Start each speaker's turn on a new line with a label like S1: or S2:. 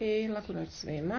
S1: i laku noć svima.